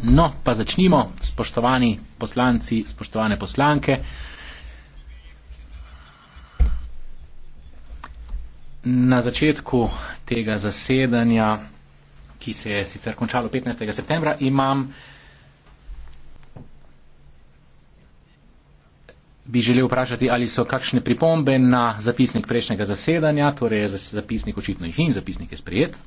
No, pa začnimo, spoštovani poslanci, spoštovane poslanke. Na začetku tega zasedanja, ki se je sicer končalo 15. septembra, imam, bi želel vprašati, ali so kakšne pripombe na zapisnik prejšnjega zasedanja, torej zapisnik očitno jih in zapisnik je sprejet.